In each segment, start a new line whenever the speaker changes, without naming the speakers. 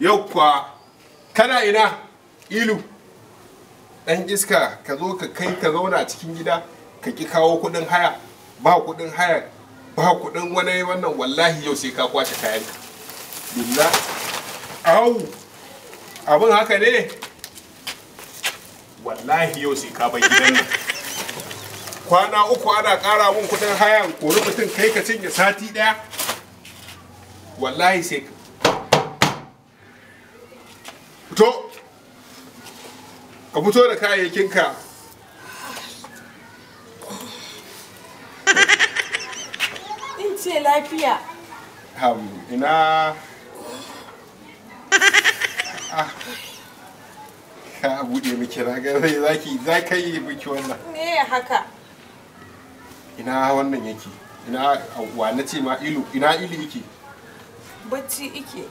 yau kwa kana ina ilu ɗan iska ka zo ka kai ka zauna cikin gida ka ki kawo kuɗin haya ba kuɗin haya ba kuɗin wani wannan wallahi yau sai ka kwashe kayan billa au abin haka ne wallahi yau sai ka bai gidan nan kwana uku ana ƙara mun kuɗin haya ko mutum kai ka cinye sati ɗaya wallahi sai to ka fito da kayayyakinka in ce lafiya ina ah. ka buɗe miki ragar zaki za ka yi miki wannan ne haka ina wannan yake ina wa na ce ma ilu ina ilu yake bacci ike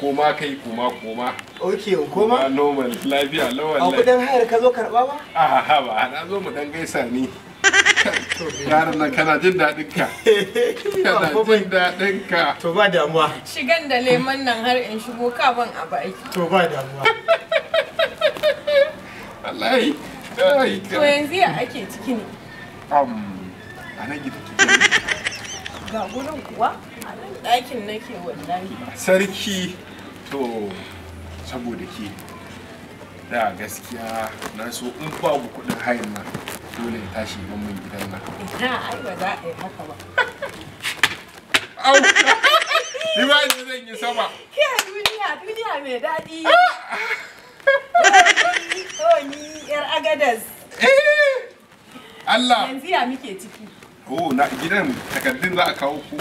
koma kai koma koma ok koma normal lafiya lawan a kudin hayar ka zo karba ba a ha ba na zo mu dan gaisa ni yaron nan kana jin daɗin ka kana jin daɗin ka to ba damuwa shigan da leman nan har in shigo ka ban a baki to ba damuwa wallahi to yanzu ya ake ciki ne um a nan gida ga gurin kuwa a nan ɗakin nake wallahi sarki to saboda ke da gaskiya na so in babu kudin hayan nan dole ya tashi ban mun gidan nan ai ba za a yi haka ba ni ba ni zan yi sama ke duniya duniya mai daɗi to ah! ni yar agadas eh! Allah yanzu ya muke ciki oh na gidan takardun za a kawo ku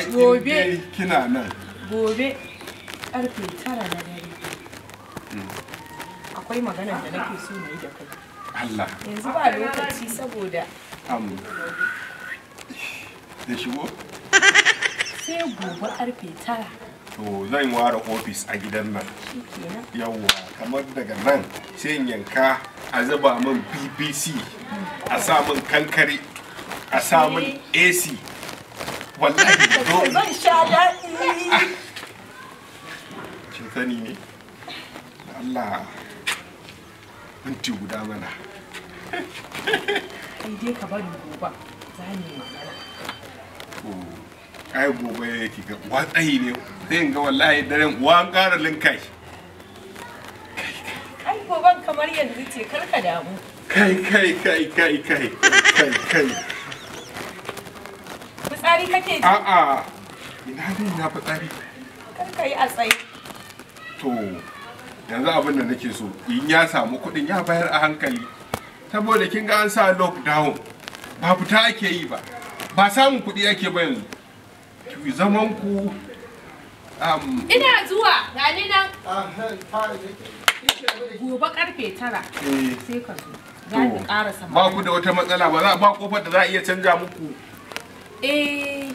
gobe kina nan gobe karfe tara na dare akwai magana da nake so ne da kai Allah yanzu ba lokaci saboda amu da shigo sai gobe karfe tara to zan ware ofis a gidan nan yawwa kamar daga nan sai yanka a zuba min bbc a samun kankare a samun eh. ac wallahi zan sha daɗi kin sani ne Allah minti guda mana kai dai ka bari gobe za ni magana ai gobe yake ga uwa tsayi ne sai ga wallahi daren uwa ƙara linkai ai goben kamar yanzu ce karka damu kai kai kai kai kai kai kai fitsari kake ji? A'a. Ina ne na fitsari? Kar ka yi a tsaye. To, yanzu abin da nake so in ya samu kuɗin ya bayar a hankali. Saboda kin ga an sa lockdown. Ba fita ake yi ba. Ba samun kuɗi ake ba yanzu. Ki zaman ku Ina zuwa gani nan. Ah, Gobe karfe tara. Eh. Sai ka zo. Ba ku da wata matsala ba za a ba kofar da za a iya canja muku Eh,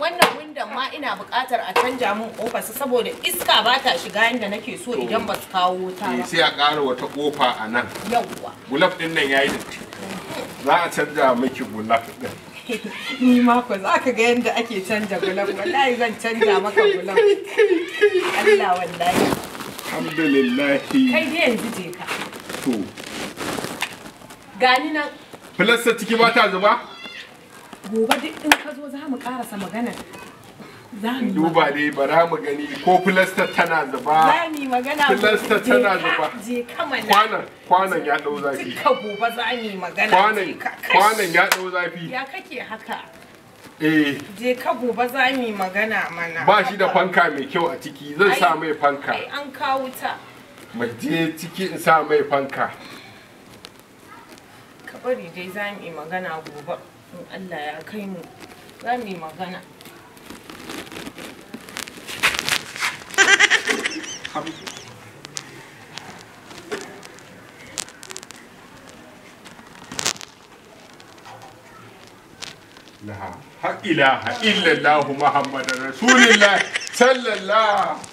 wannan windon ma ina buƙatar a canja min kofarsa saboda iska ba ta shiga inda nake so idan ba su kawo ta ba. Sai a ƙara wata kofa a nan. Yawwa. Gulaf ɗin nan yayi datti. Za a canja miki gulaf ɗin. Ni ma ko za ka ga yadda ake canja gulaf wallahi zan canja maka gulaf. Allah wallahi. Alhamdulillah. Kai dai yanzu je ka. To. Gani nan. Filasta ciki ba ta zuba? gobe duk in ka zo za mu karasa magana duba dai bara mu gani ko filasta tana zuba filasta tana zuba kwanan kwanan ya dau zafi kwanan kwanan ya dau zafi ya kake haka eh je ka gobe za mu magana mana ba shi da fanka mai kyau a ciki zan sa mai fanka ai an kawo ta mu je ciki in sa mai fanka ka bari dai za mu yi magana gobe Allah ya kai mu za mu yi magana لا إله إلا الله محمد رسول الله صلى الله